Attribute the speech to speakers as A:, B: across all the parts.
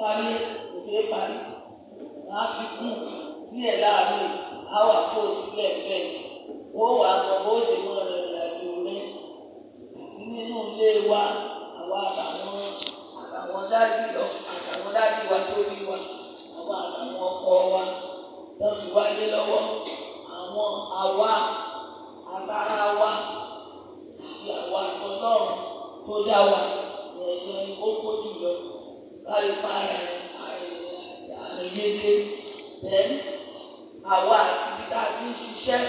A: parí kò ṣe é parí màá fi kún díẹ̀ láàrin àwà tó sílẹ̀ bẹ́ẹ̀ ó wà lọ bó ṣe mọ ìrìn àjò rẹ àti nínú ilé wa àwa àtàwọn àtàwọn dájú lọ àtàwọn dájú wa tó rí wa àwa àtàwọn ọkọ wa lọ́sùn wáyé lọ́wọ́ àwọn àwa àtàrà wa àti àwa àtọ́lọ́run tó dá wa ẹ̀yẹ ni ó kó jù lọ paripa àrẹ̀yẹ́gẹ́ tẹ́ àwa àti ibi tá a ti ń ṣiṣẹ́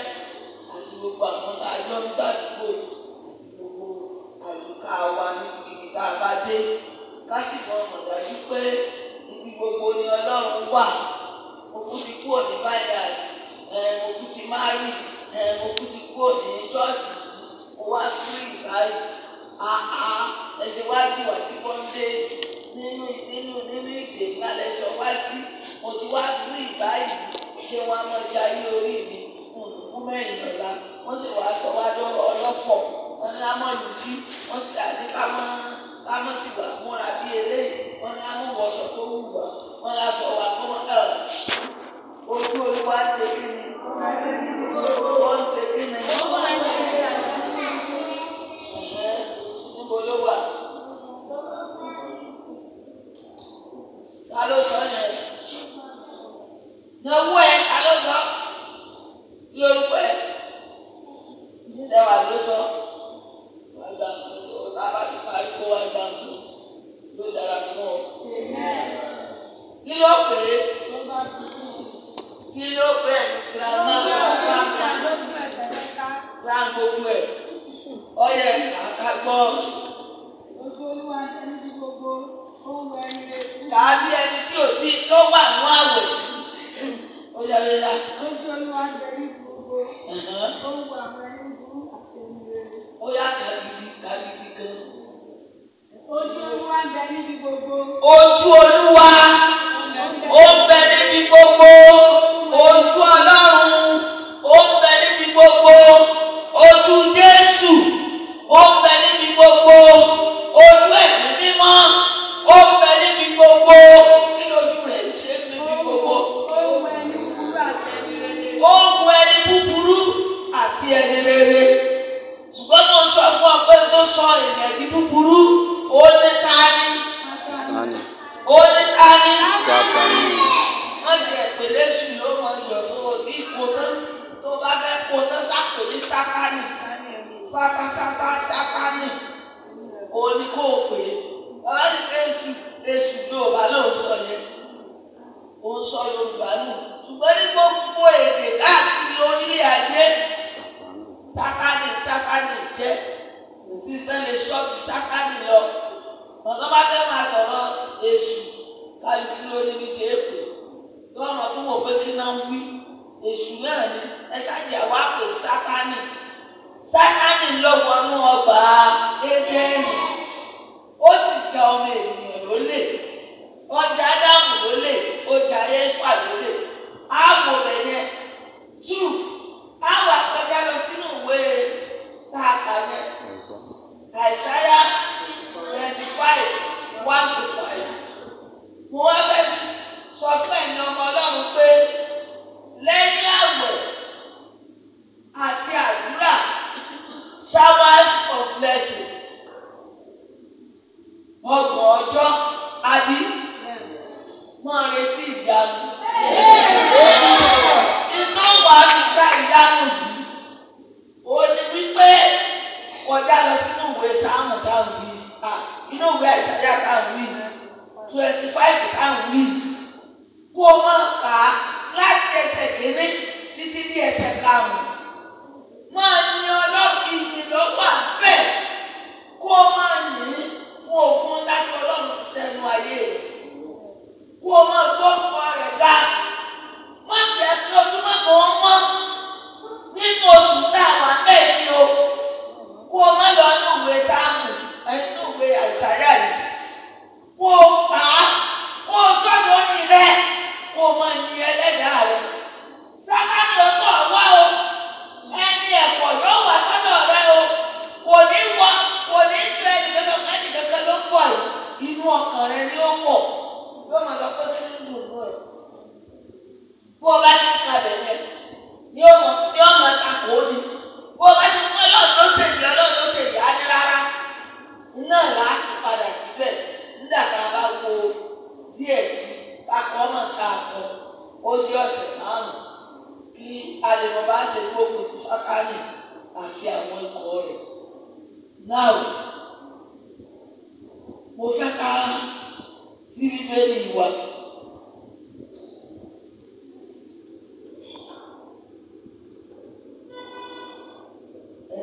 A: àti gbogbo àwọn tá a jọ ń gbàdúgbò àti gbogbo àyíká wa níbi tá a bá dé ká sì mọ mọ̀dájú pé ibi gbogbo ni Ọlọ́run wà òkú ti kúrò ní báyà òkú ti máa rí òkú ti kúrò ní chọ́ọ̀chì ó wá sí ìbáyìí àá ẹ̀sìn wá jù wá sí bọ́ńdéèjì nínú nínú nínú ìdè ìgbàlẹ̀ sọ wá sí mo ti wá sí ìgbà yìí ṣé wọn á máa jayé orí mi kú mẹ́rin lọ́la wọ́n sì wá sọ wá dọ́rọ̀ ọlọ́pọ̀ wọn ní amọ̀ lùjí wọ́n sì àti kámọ́ kámọ́ sì wà múra bí eré wọn ní amọ̀ wọ̀sọ̀ tó wù wá wọn lá sọ wá fún ẹ̀ ojú olúwa ṣe kí ni ojú olúwa ṣe kí ni. níbo ló wà? E. ta ló sọ yẹn náwó ẹ ta ló sọ lórúkọ ẹ ìdílé wa ló sọ wà gbà fún ọ tá a bá ti parí kó wà gbà fún ló dára fún ọ. kí ló pè é kí ló pè é granma
B: granma gbogbo
A: e. ẹ ọyẹ kàkà gbọ.
B: ojú olúwa ẹni bí gbogbo ó wọ ẹni kà á bí ẹni tí ò sí tó wà ní àwẹ̀.
A: ó yà yà yà. ojú
B: olúwa jẹ ní gbogbo ó ń wọ àwọn ẹni burú àti ẹni rere.
A: ó yà kàgìdì kàgìdì gan.
B: ojú olúwa jẹ níbi gbogbo. ojú olúwa ó bẹ níbi gbogbo ojú ọlọ́run
A: ó bẹ níbi gbogbo ojú jésù ó bẹ níbi gbogbo ojú ẹ̀mí mímọ́ ó bẹ gbogbo kí lójú rẹ̀ ṣe níbi gbogbo. ó mú ẹni búburú àti ẹni rere. ṣùgbọ́n mo sọ fún ọ pé tó sọ èèyàn di búburú ó ní tání.
B: ó ní tání. Sátánì.
A: wọ́n ti ẹ̀pẹ̀ lẹ́sù ló mọ ìyọ̀ tó o ní ìkóná tó bá fẹ́ kóná sápò ní Sátánì. Sátá sátá Sátánì. òun ni kò pè é. ọ̀rẹ́ ìgbésù èsì ni ò bá lóun sọ yẹn òun sọ yorùbá nù ṣùgbọ́n ní gbogbo èdè káàkiri orílẹ̀ ayé sákánì sákánì jẹ́ òfin fẹ́lẹ̀ ṣọ́ọ̀bù sákánì lọ ọ̀dọ́ bá fẹ́ máa sọ̀rọ̀ èsù káàkiri orílẹ̀ ṣe é pè lọ́rọ̀ tó wọ̀ pé kí náà ń wí èsù náà ni ẹ ṣáàjì àwọn àpè sákánì sákánì lọ́wọ́ inú ọgbà ẹgbẹ́ ẹ̀yìn. ó sì ja ọmọ ènìyàn lólè ọjà ádámù lólè ọjà yẹfà lólè ààbò rẹ yẹn tù àwọn akọjá lọ sínú ìwé tààtà yẹn àìsáyà twenty five one to five.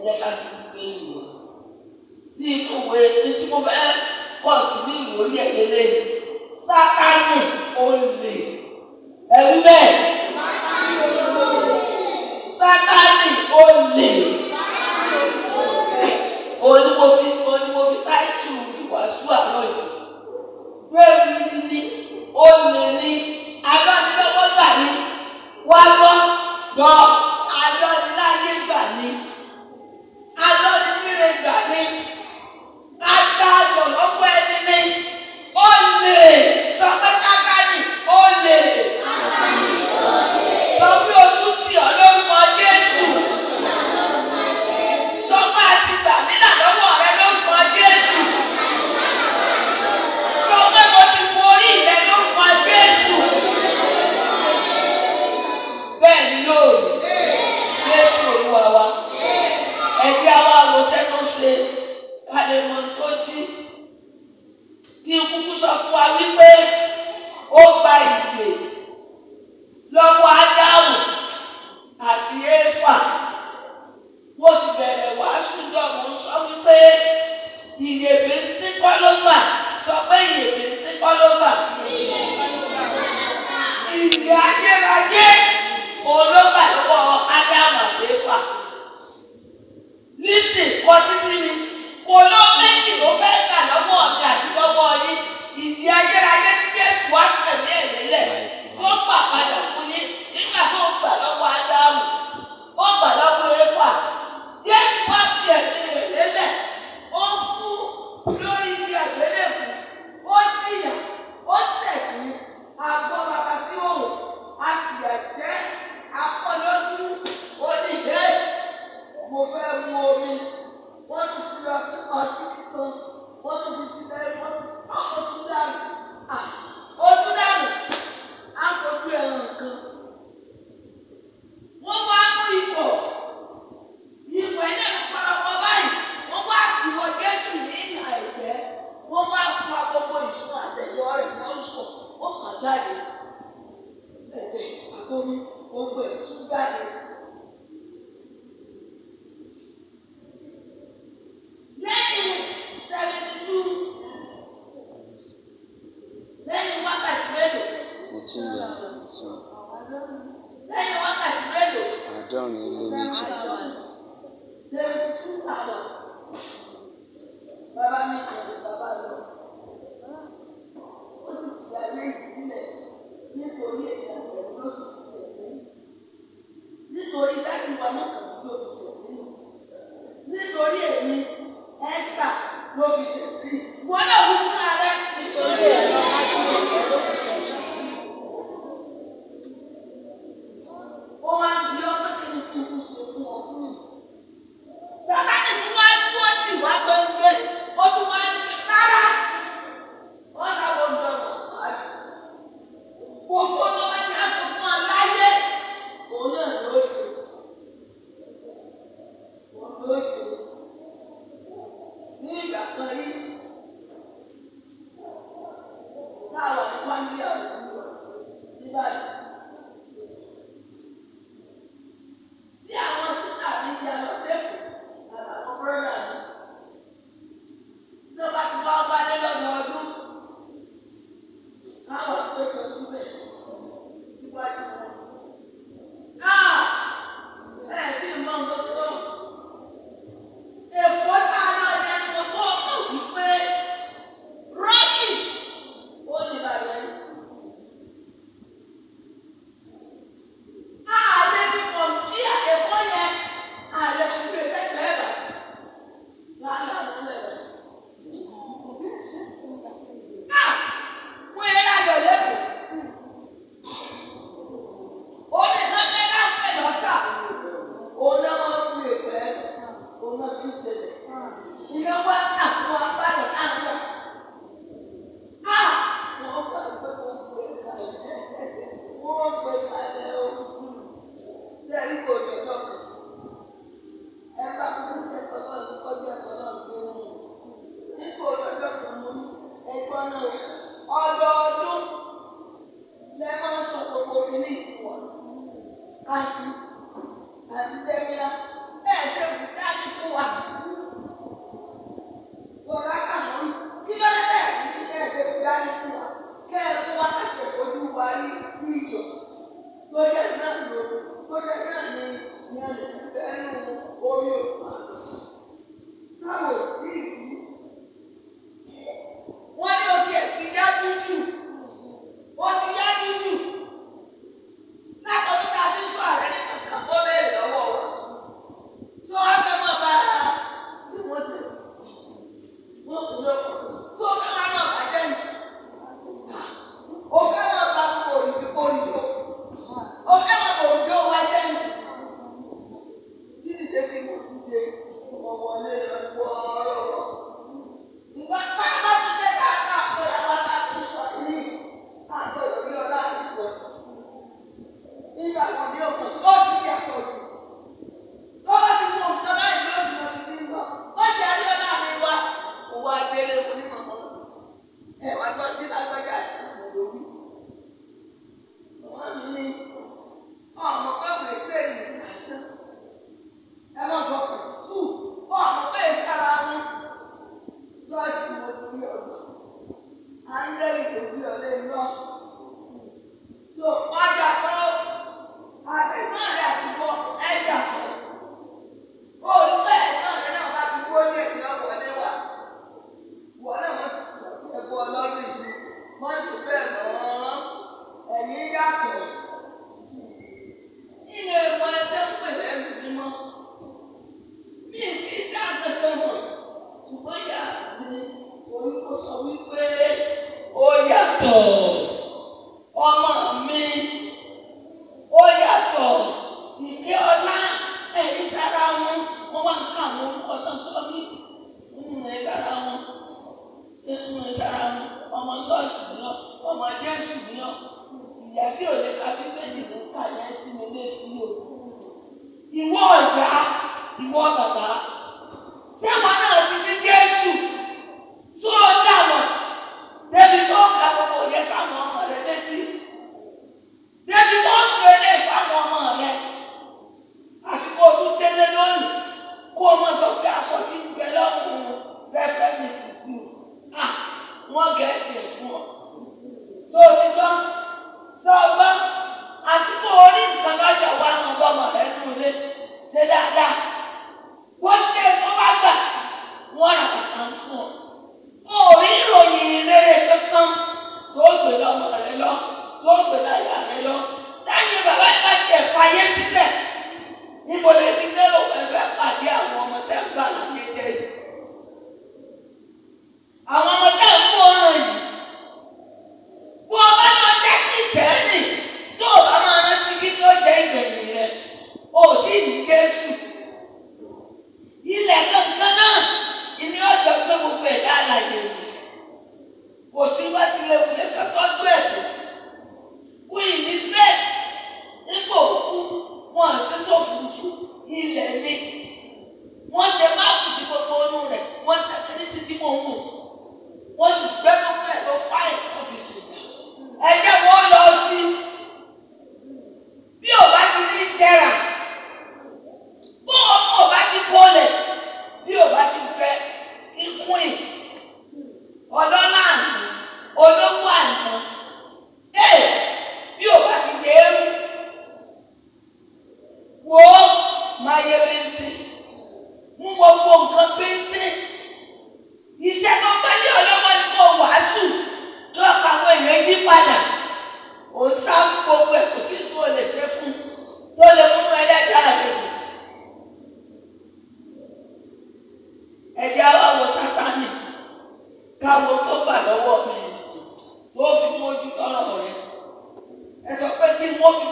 A: jẹ́ ká sì gbé ìwò sí ìwé etí mo fẹ́ kọ́ọ̀tù ní ìwò orí ẹ̀kẹ́lẹ́ sátánì olè ẹ̀rí bẹ́ẹ̀ sátánì olè onímọ̀fi onímọ̀fi táìtù ìwàásù àná yìí ni olè. let him walk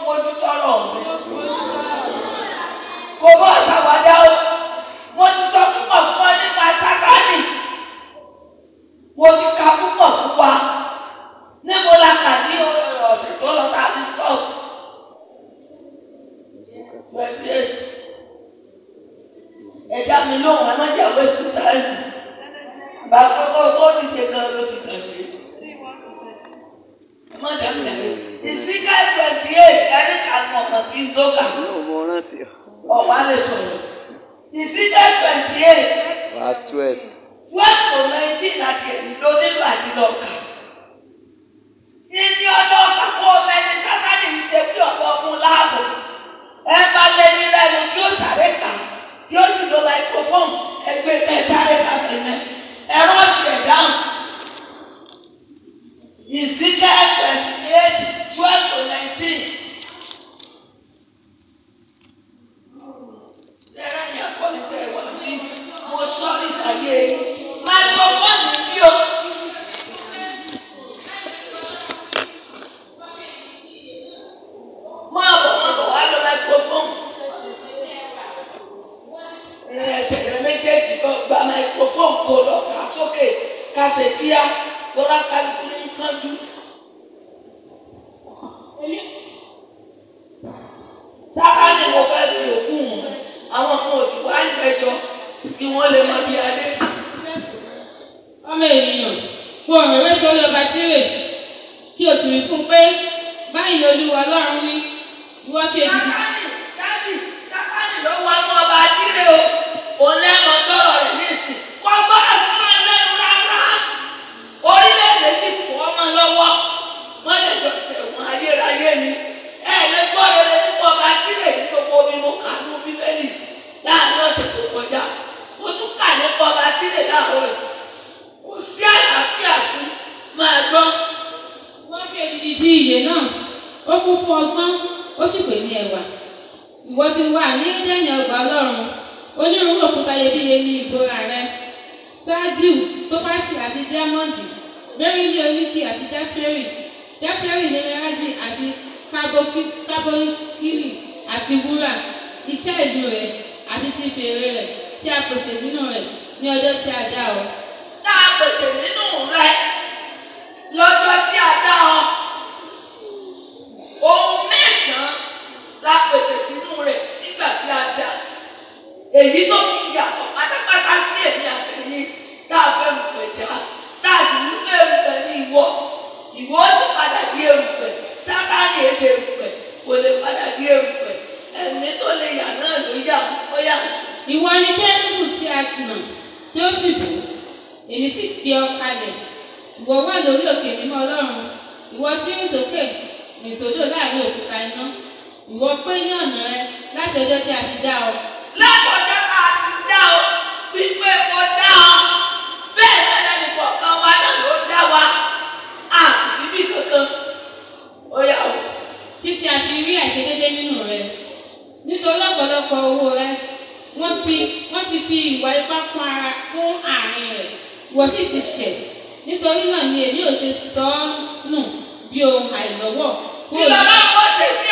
B: àìlọ́wọ́ kúrò. bí bàbá kọ́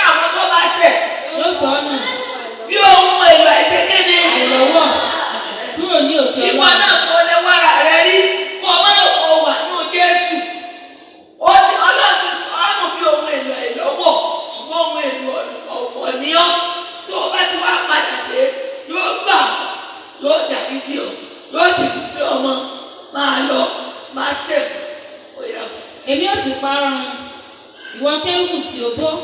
B: àwọn tó bá ṣẹ̀. yóò bí ohun èlò àìṣeké. Gracias.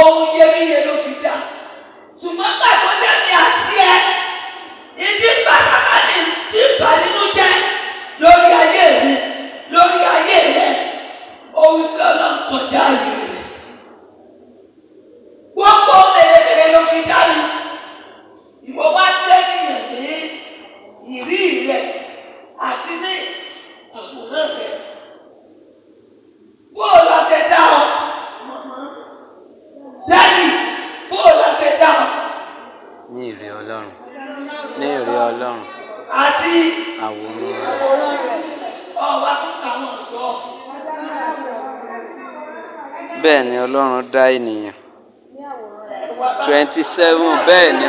A: ohun yẹmíyẹ ló fi dá ṣùgbọ́n gbà
B: seven bẹ́ẹ̀ ni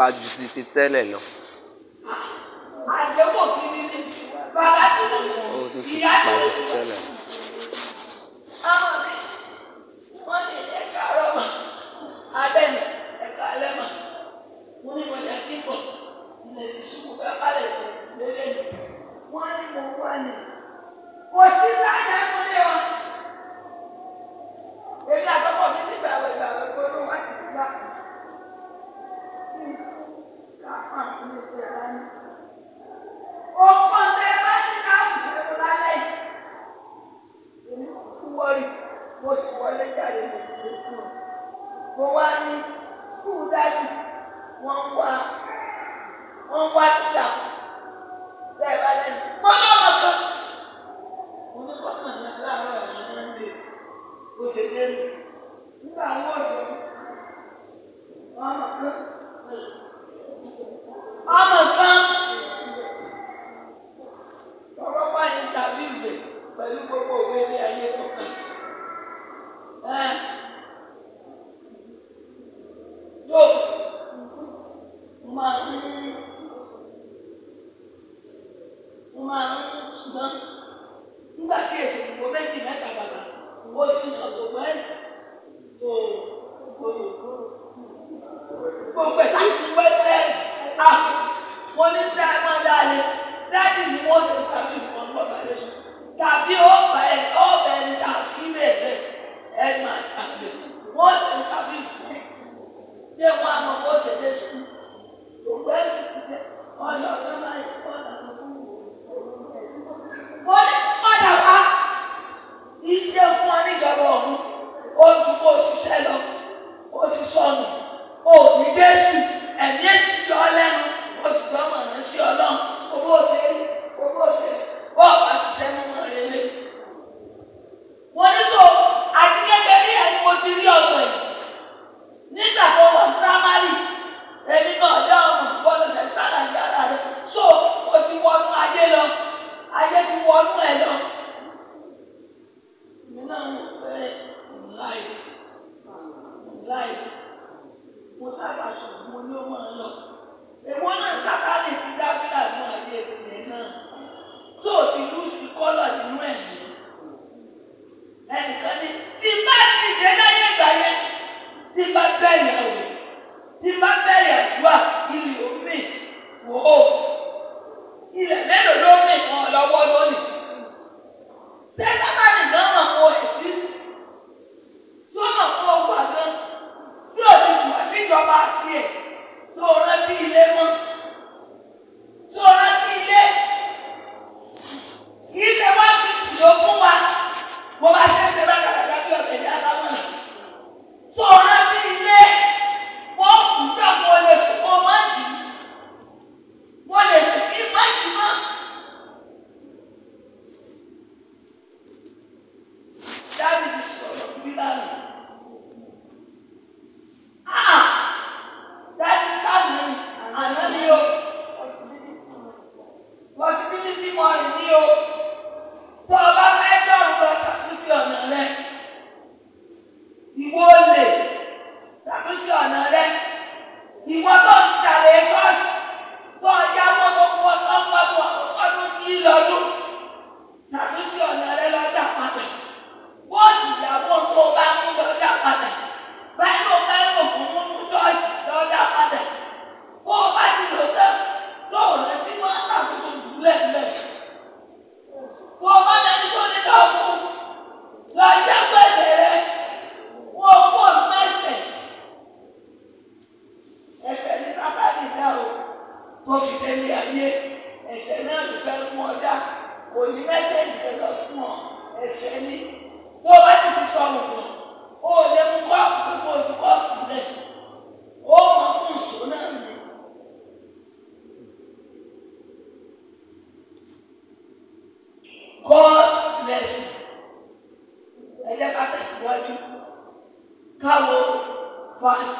B: kpa de si tɛ lɛ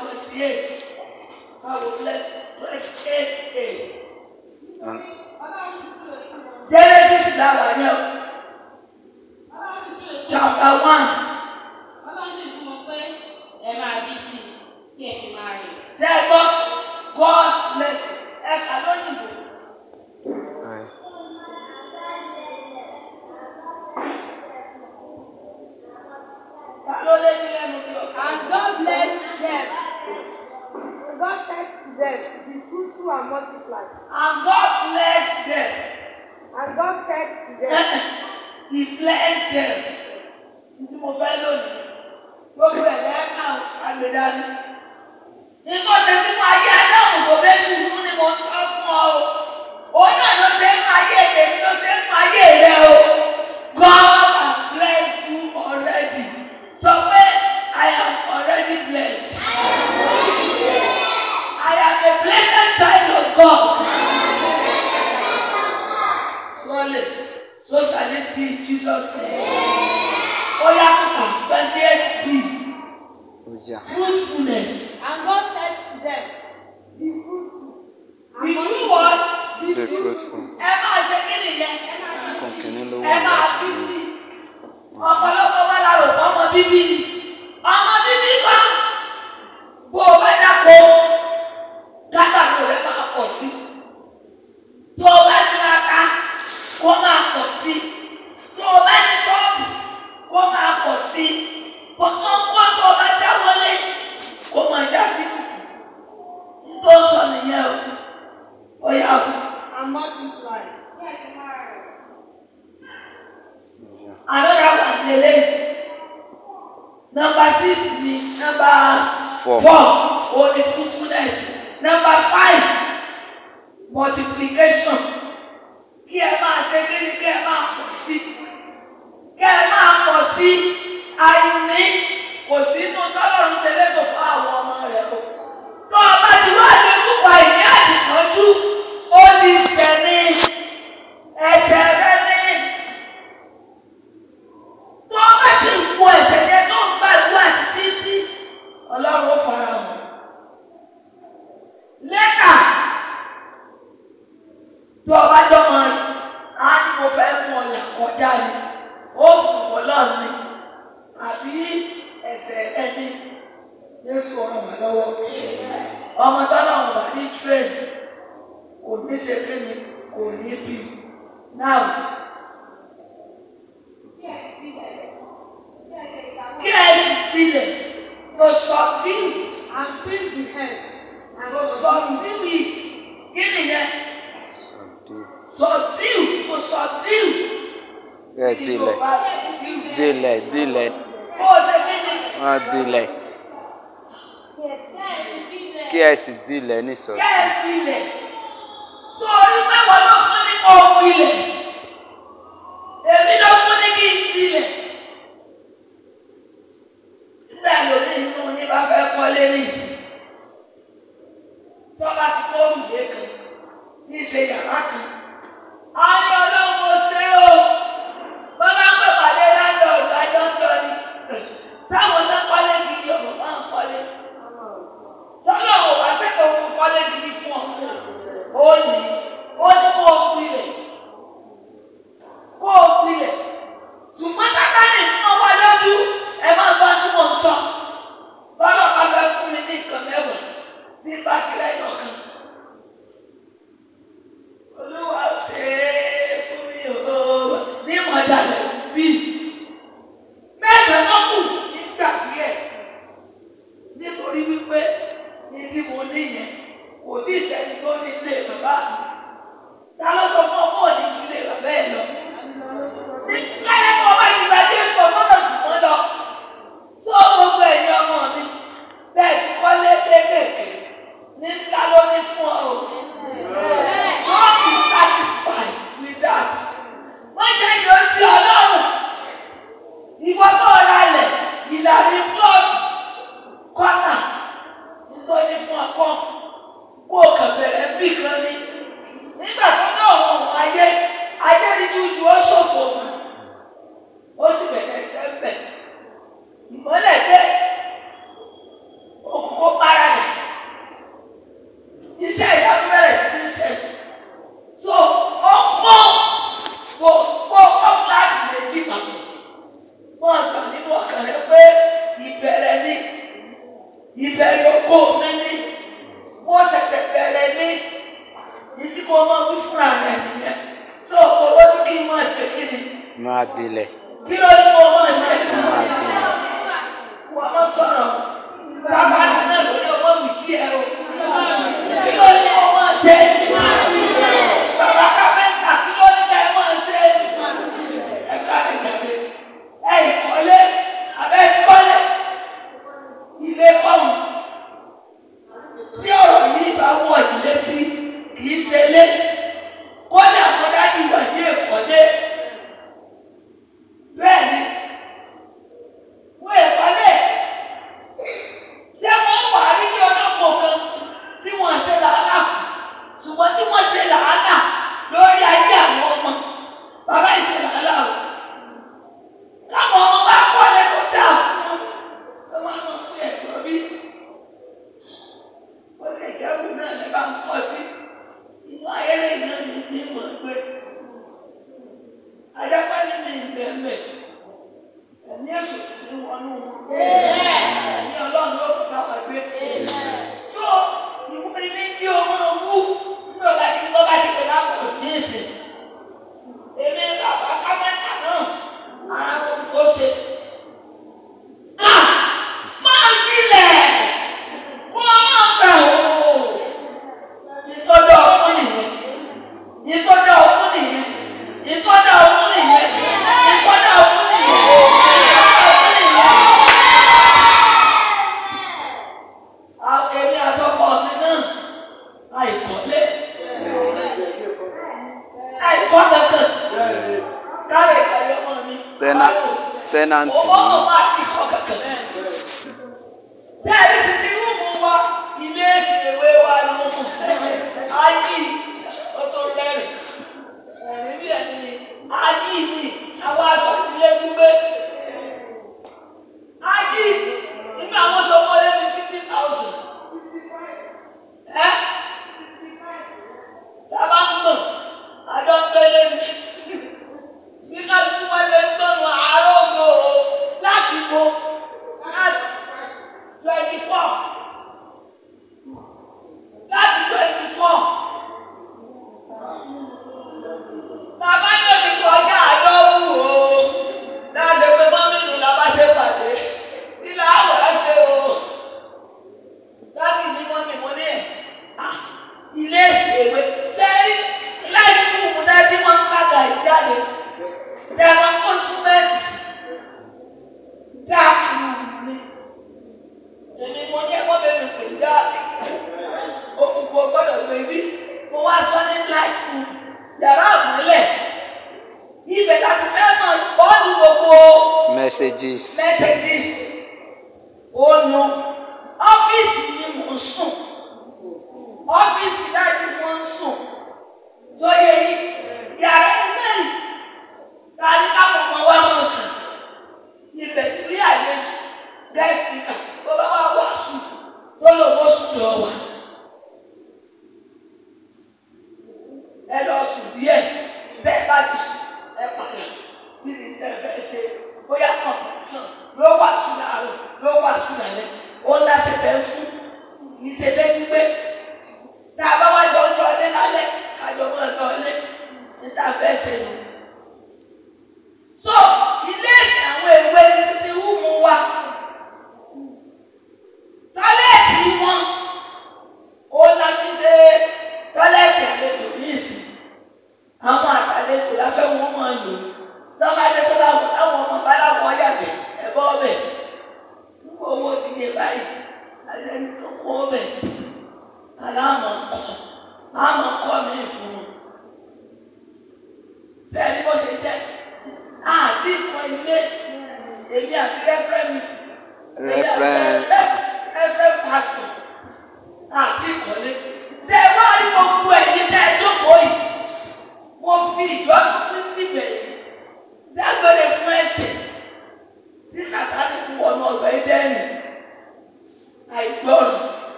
A: 28. Bible, verse 8. Genesis la wà ní ọ.
B: Chapter one. Ọlọ́run ti fún pé ẹ máa bí sí kí ẹ ti máa rìn. Ṣé ẹ
A: gbọ́? God bless them, Be fruitful and multiply. And God blessed them. And God said to them, He blessed them. Ntí mo fẹ́ lónìí, gbogbo ẹ̀ lẹ́yìn náà àgbèdánù. Nǹkan ṣe fún ayé Adáhùn kò fẹ́ ṣubú ni mo sọ fún ọ o. Òun náà ló ṣe ń fún ayé èdè mi ló ṣe ń fún ayé rẹ o. Jesus name. Ó yá twenty eight b. Fruitfulness. And God said to them, Be fruitful. Be what? Be fruitful. Ẹ máa ṣe kí nìyẹn? Ẹ máa bí sí. Ọ̀pọ̀lọpọ̀ wà lára ọmọ bíbí ni. ni eléyìí six ni nọ́mbà four ó ní fruitfulness nọ́mbà five multiplication kí ẹ máa ṣe kí ẹ máa pọ̀ sí kí ẹ máa pọ̀ sí àìní.
B: kẹ́ẹ̀sì dilẹ̀ nìsọ̀tún.
A: kẹ́ẹ̀sì dilẹ̀ tó o ní pé wọ́n ló fún ní ọ̀hún ilẹ̀ èmi ló fún ní kí n dilẹ̀. nígbà lómi inú ní bá fẹ́ kọ́lé ní tọ́ba ti kó òrùlé kan ní ìṣe yàrá kan. told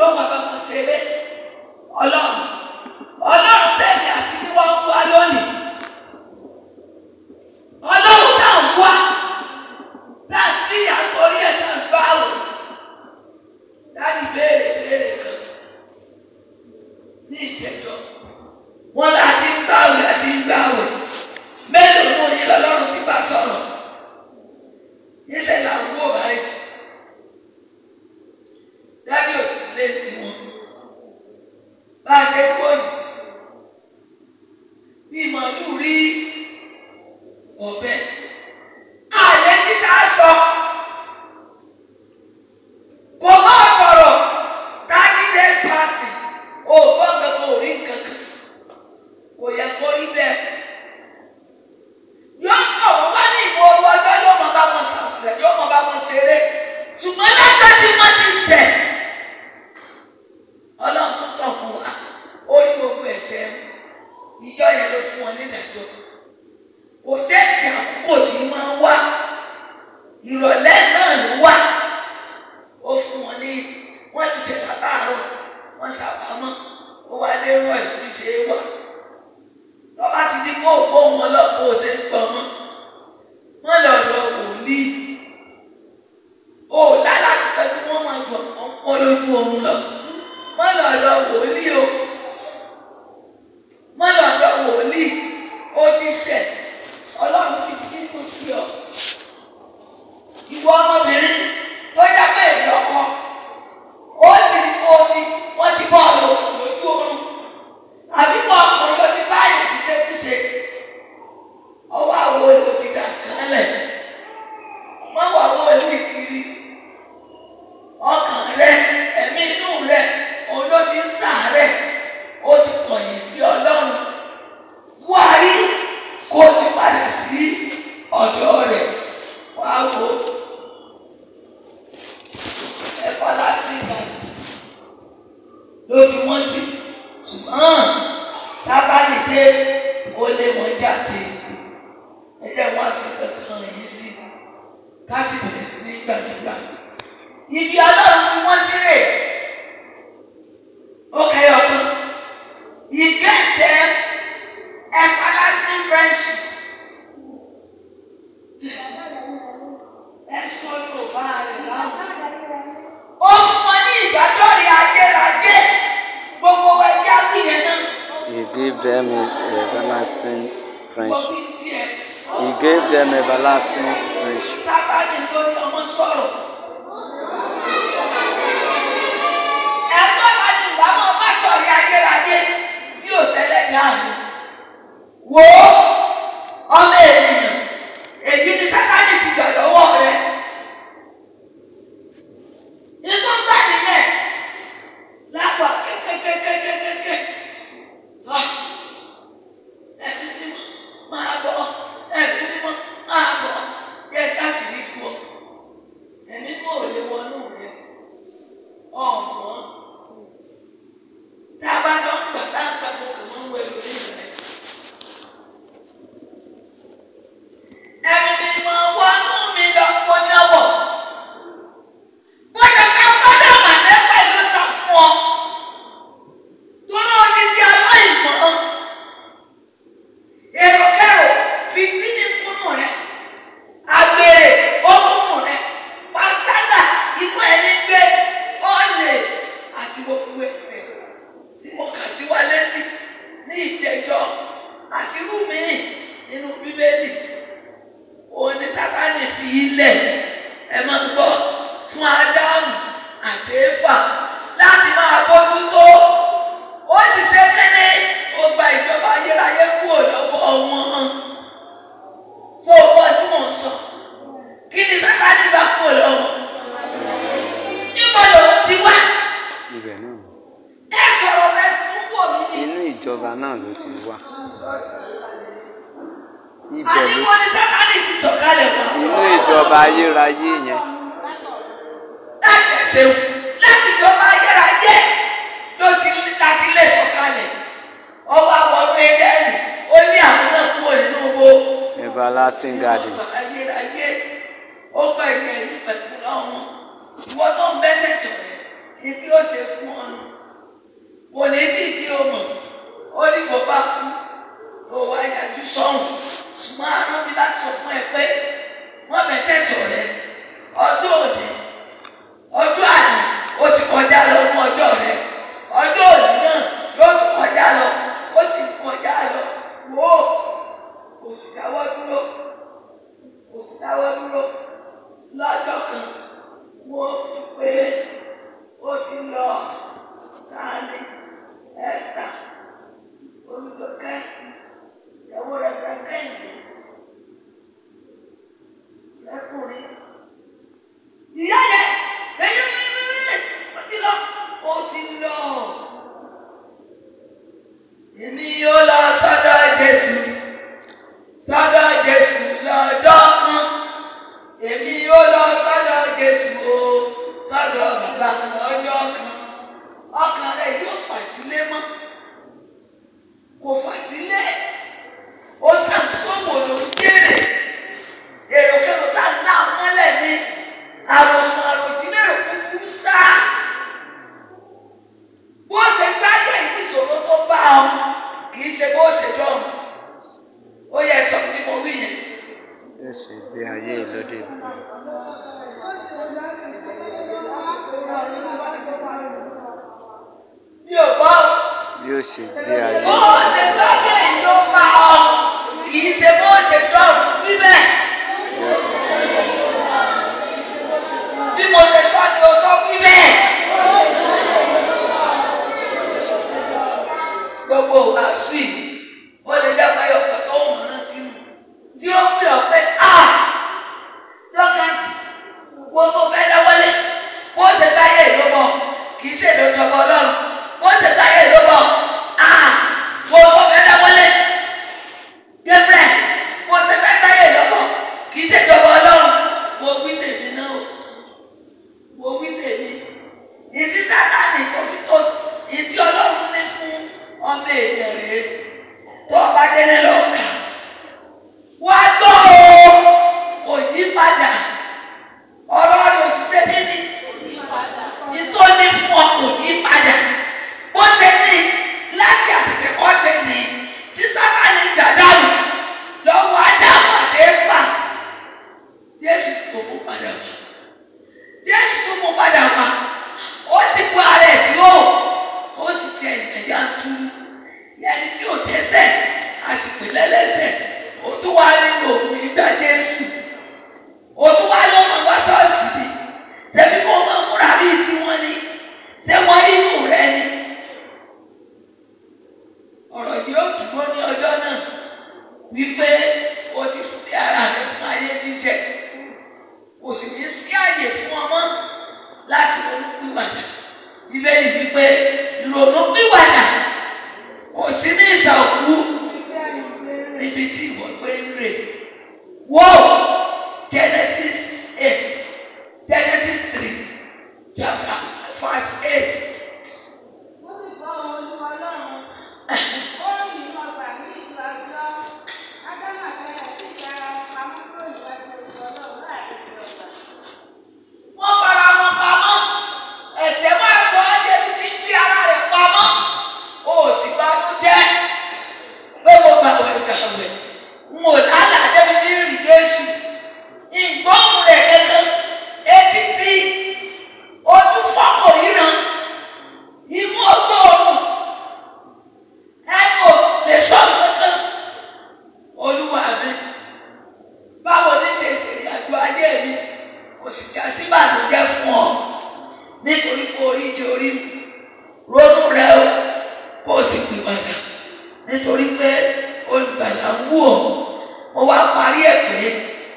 A: yóò máa bá wọn ṣeré ọlọ́run.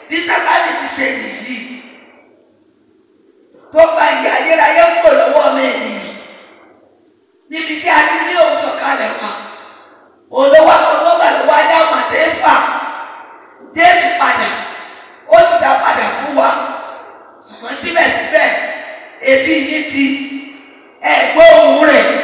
A: bí sábàlì ti ṣe nìyí tó gba ìyá ayérayé kò lọ́wọ́ mẹ́rin níbi tí a ti ní òwúsọ̀ kalẹ̀ wọn olówó akọlọ́gbà ló wá dá ọmọ àti ẹ̀fà déètì padà ó sì dá padà fún wa ṣùgbọ́n síbẹ̀síbẹ̀ èyí yìí di ẹ̀gbọ́n òun rẹ̀.